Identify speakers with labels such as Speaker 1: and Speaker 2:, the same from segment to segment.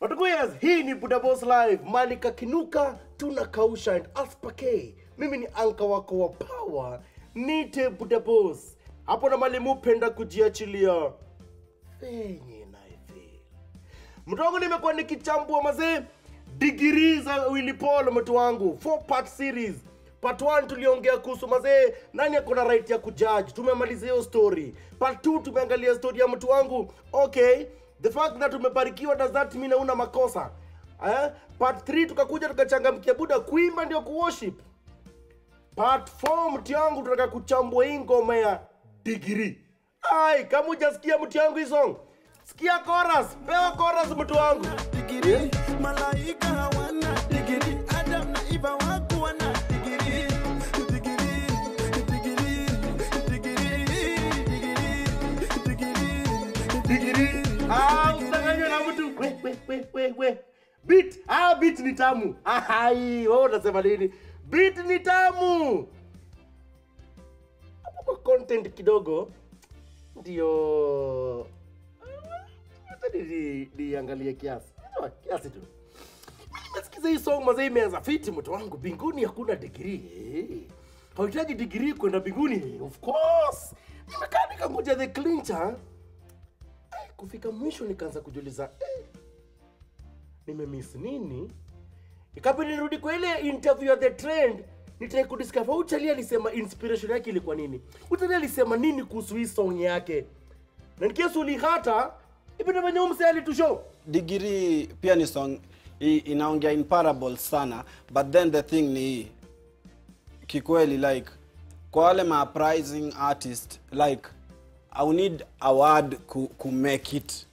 Speaker 1: Watukuias, hii ni Buda Boss Live. Mali kakinuka tunakausha and aspake. Mimi ni anka wako wa power, nite Buda Boss. Hapo na mali mupenda kujiachilia. hivi. naifeel. wangu nimekuwa nikichambua mazee digiri za Willy Paul mtu wangu. Four part series. Part 1 tuliongea kuhusu mazee nani ako na right ya kujaji. Tumemalizia hiyo story. Part 2 tumeangalia story ya mtu wangu. Okay, the fact that umebarikiwa does that mean hauna makosa eh? part 3 tukakuja tukachangamkia buda kuimba ndio kuworship part 4 mti wangu tunataka kuchambua hii ngoma ya digiri ai kama hujasikia mti wangu hizo sikia chorus pewa chorus mtu wangu digiri, malaika we, we, we. Beat. Ah, beat ni tamu. Ahai, wewe unasema nini? Beat ni tamu. Hapo kwa content kidogo ndio hata ni niangalie kiasi. Ndio Kiasi tu. Nimesikiza hii song mzee imeanza fit mtu wangu. Binguni hakuna degree. Hey. Hauhitaji degree kwenda binguni. Of course. Nimekaa nikangoja the clincher. Kufika mwisho nikaanza kujiuliza, eh, nimemiss nini ikabidi nirudi kwa ile interview the trend nitrai kudiscover uchali alisema inspiration yake ilikuwa nini uchali alisema nini kuhusu hii song yake na nikiasuli hata ipendevenye umse alitushow
Speaker 2: digiri pia ni song inaongea in parable sana but then the thing ni hii kikweli like kwa wale mauprising artist like i need award ku, ku make it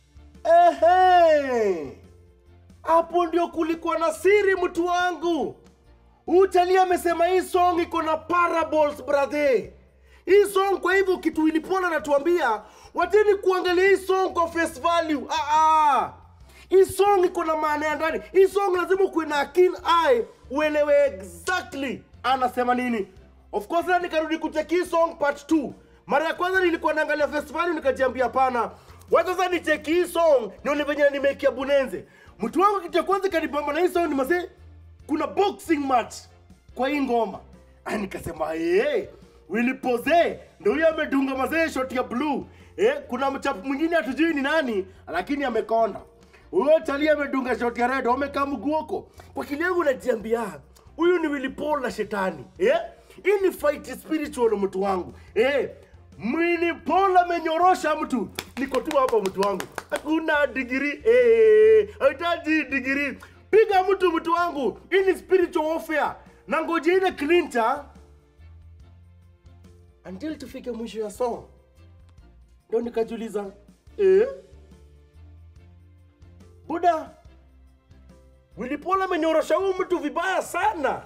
Speaker 1: hey, hey. Hapo ndio kulikuwa na siri, mtu wangu. Uchali amesema hii song iko na parables brother. Hii song kwa hivyo kitu ilipona natuambia wateni kuangalia hii song kwa face value. Ah ah. Hii song iko na maana ya ndani. Hii song lazima kuwe na keen eye uelewe exactly anasema nini. Of course na nikarudi kucheki hii song part 2. Mara ya kwanza nilikuwa naangalia face value nikajiambia hapana. Wacha sasa nicheki hii song nione venye nimeikia Bunenze. Mtu wangu kitu ya kwanza kanipamba na hii sound mase, kuna boxing match kwa hii ngoma. Ah, nikasema hey, wili Pose ndio huyo amedunga mase shot ya blue. Eh, kuna mchapu mwingine hatujui ni nani lakini amekonda. Huyo Charlie amedunga shot ya red, amekaa mguu huko. Kwa kile yangu najiambia, huyu ni wili pole na shetani. Eh? Hii ni fight spiritual mtu wangu. Eh, mwili pole amenyorosha mtu niko tu hapa mtu wangu, hakuna digiri eh, hahitaji digiri. Piga mtu mtu wangu, hii ni spiritual warfare na ngoje ile clinta until tufike mwisho ya song. Ndio nikajiuliza eh, Buda Willipola ameniorosha huyu mtu vibaya sana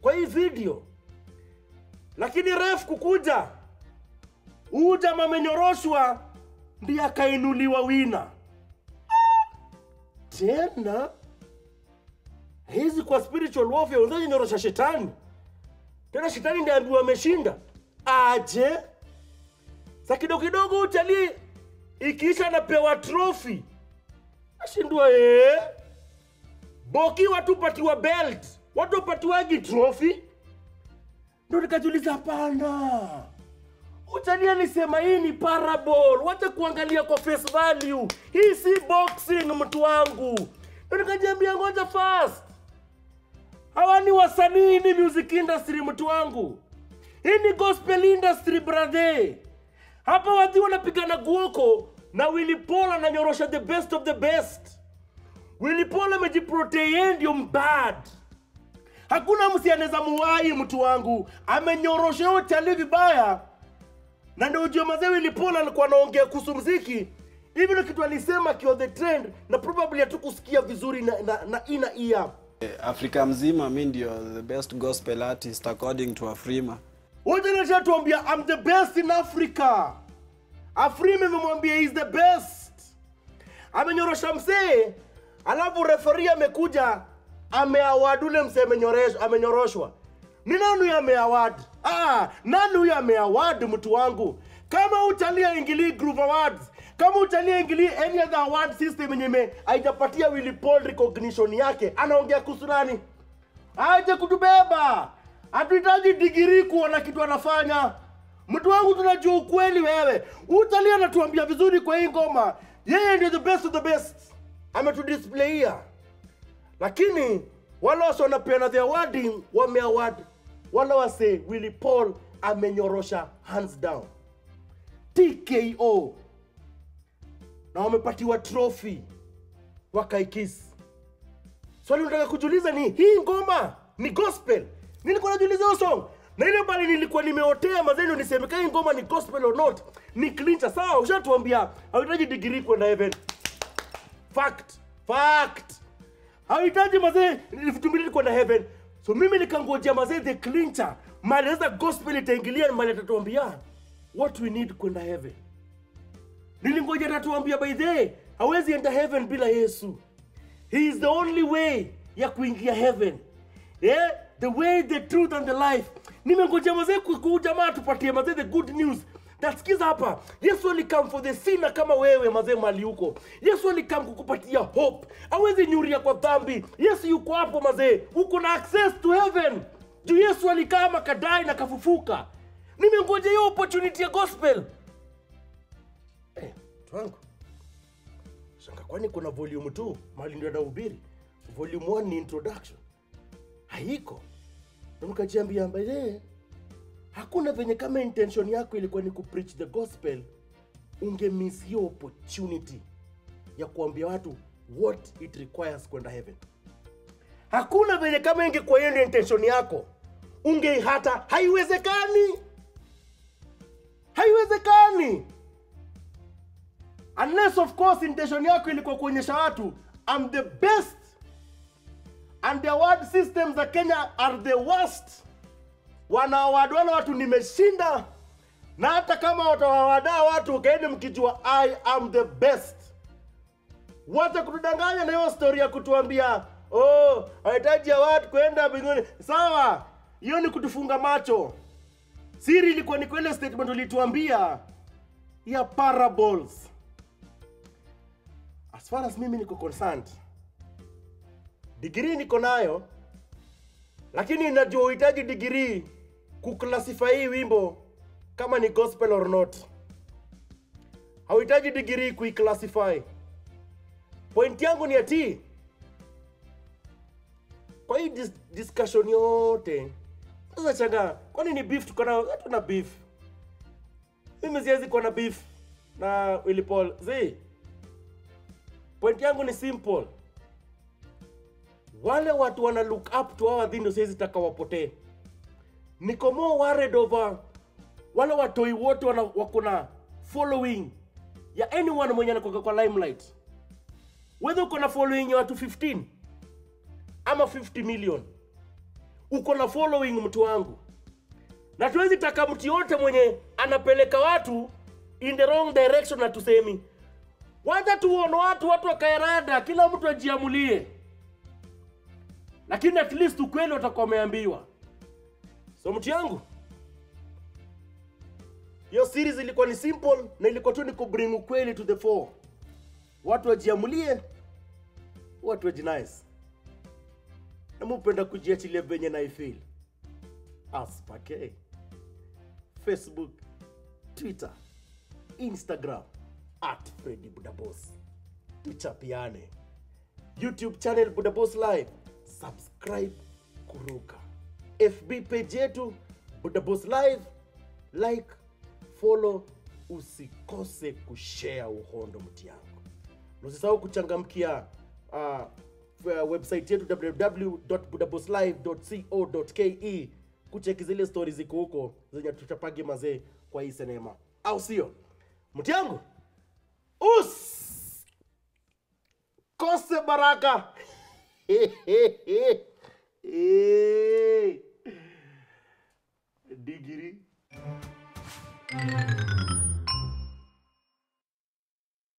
Speaker 1: kwa hii video, lakini ref kukuja huyu jamaa ndiye akainuliwa wina tena hizi kwa spiritual warfare unataka nyorosha shetani tena shetani ndiye ambiwa ameshinda aje sa kidogo kidogo utali ikiisha anapewa trofi ashindwa ee. boki watu patiwa belt watu wapatiwagi trofi ndo nikajuliza hapana Utalia nisema hii ni parable, wacha kuangalia kwa face value. Hii si boxing mtu wangu. nikajiambia ngoja fast. Hawa ni wasanii, ni music industry mtu wangu. Hii ni gospel industry brother. Hapa watu wanapigana guoko na Willy Paul ananyorosha the best of the best. Willy Paul amejiprotein ndio mbad. Hakuna msi anaweza muwai mtu wangu, amenyorosha yote vibaya na ndio ujio mazee mazewe ilipola alikuwa anaongea kuhusu mziki hivi ndo kitu alisema kio the trend na probably hatukusikia vizuri na, na, na ina ia eh,
Speaker 2: afrika mzima mi ndio the best gospel artist according to afrima
Speaker 1: Wote wojanashatuambia I'm the best in africa afrima imemwambia is the best amenyorosha msee alafu referee amekuja ameawadule msee amenyoroshwa ni nani huyo ameaward? Ah, nani huyo ameaward mtu wangu? Kama utalia ingili Groove Awards, kama utalia ingili any other award system nyime, haijapatia Willy Paul recognition yake, anaongea kuhusu nani? Aje kutubeba. Hatuhitaji digiri kuona kitu anafanya. Mtu wangu, tunajua ukweli wewe. Utalia anatuambia vizuri kwa hii ngoma, yeye ndio the best of the best, ametudisplaya. Lakini wale wasio wanapeana the award wameaward wala wasee Willy Paul amenyorosha hands down TKO na wamepatiwa trophy wakaikisi. Swali unataka kujiuliza ni hii ngoma ni gospel? Nilikuwa najiuliza hiyo song na ile pale nilikuwa nimeotea mazeni nisemeka hii ngoma ni gospel or not. Ni clincha sawa, ushatuambia hauhitaji degree kwenda heaven. Fact, fact. Hauhitaji mazee vitu mbili kwenda heaven. Fact. So mimi nikangojea mazee the clincher, mali za gospel itaingilia mali atatuambia what we need kwenda heaven. Nilingoja atatuambia by the way, hawezi enda heaven bila Yesu. He is the only way ya kuingia heaven. Yeah? The way, the truth and the life. Nimengojea mazee kujamaa tupatie mazee the good news. Nasikiza hapa, Yesu alikam for the sinner kama wewe mazee mali huko. Yesu alikam kukupatia hope, awezi nyuria kwa dhambi. Yesu yuko hapo mazee, uko na access to heaven juu Yesu alikama kadai na kafufuka. Nimengoja hiyo opportunity ya gospel. Hey, eh, wangu shanga, kwani kuna volume 2 mali ndio anahubiri? Volume 1 ni introduction, haiko. Nikajiambia mbele hakuna venye kama intention yako ilikuwa ni kupreach the gospel miss hiyo opportunity ya kuambia watu what it requires kwenda heaven hakuna venye kama ingekuwa hiyo ndio intention yako unge hata haiwezekani haiwezekani unless of course intention yako ilikuwa kuonyesha watu am the best and the award systems za kenya are the worst na watu nimeshinda, na hata kama watawawadaa watu ukaeni mkijua I am the best. Wacha kutudanganya na hiyo story ya kutuambia oh, wahitaji ya watu kwenda mbinguni. Sawa, hiyo ni kutufunga macho. Siri ilikuwa ni kwa ile statement ulituambia ya parables. As far as mimi niko concerned, digrii niko nayo, lakini najua uhitaji digrii kuklasify hii wimbo kama ni gospel or not. Hauhitaji degree kuiklasify. Point yangu ni ati kwa hii dis discussion yote sasa changa, kwani ni beef tuko nayo? na beef. Mimi siwezi kuwa na beef na Willy Paul. Zi, point yangu ni simple, wale watu wana look up to hawa dhindo, siwezi taka wapotee niko more worried over wale watoi wote wako na following ya anyone mwenye anakoka kwa limelight wedhe uko na following ya watu 15 ama 50 million uko na following mtu wangu na tuwezi taka mtu yote mwenye anapeleka watu in the wrong direction na tusemi wacha tuone watu watu wakaerada kila mtu ajiamulie lakini at least ukweli watakuwa wameambiwa So mtu yangu, hiyo series ilikuwa ni simple na ilikuwa tu ni kubring ukweli to the fore. Watu wajiamulie, watu wajinais, na mupenda kujiachilia venye na ifeel as pake Facebook, Twitter, Instagram at Freddy Budaboss. Tuchapiane. YouTube channel Budaboss Live. Subscribe, kuruka. FB page yetu Buda Boss Live, like, follow, usikose kushare uhondo yako Usisahau kuchangamkia uh, uh website yetu www.budabosslive.co.ke kucheki zile stori ziko huko zenye tutapage mazee kwa hii sinema, au sio mtiangu? Us kose baraka. Hey, hey, hey. Hey. dégiré. Hmm.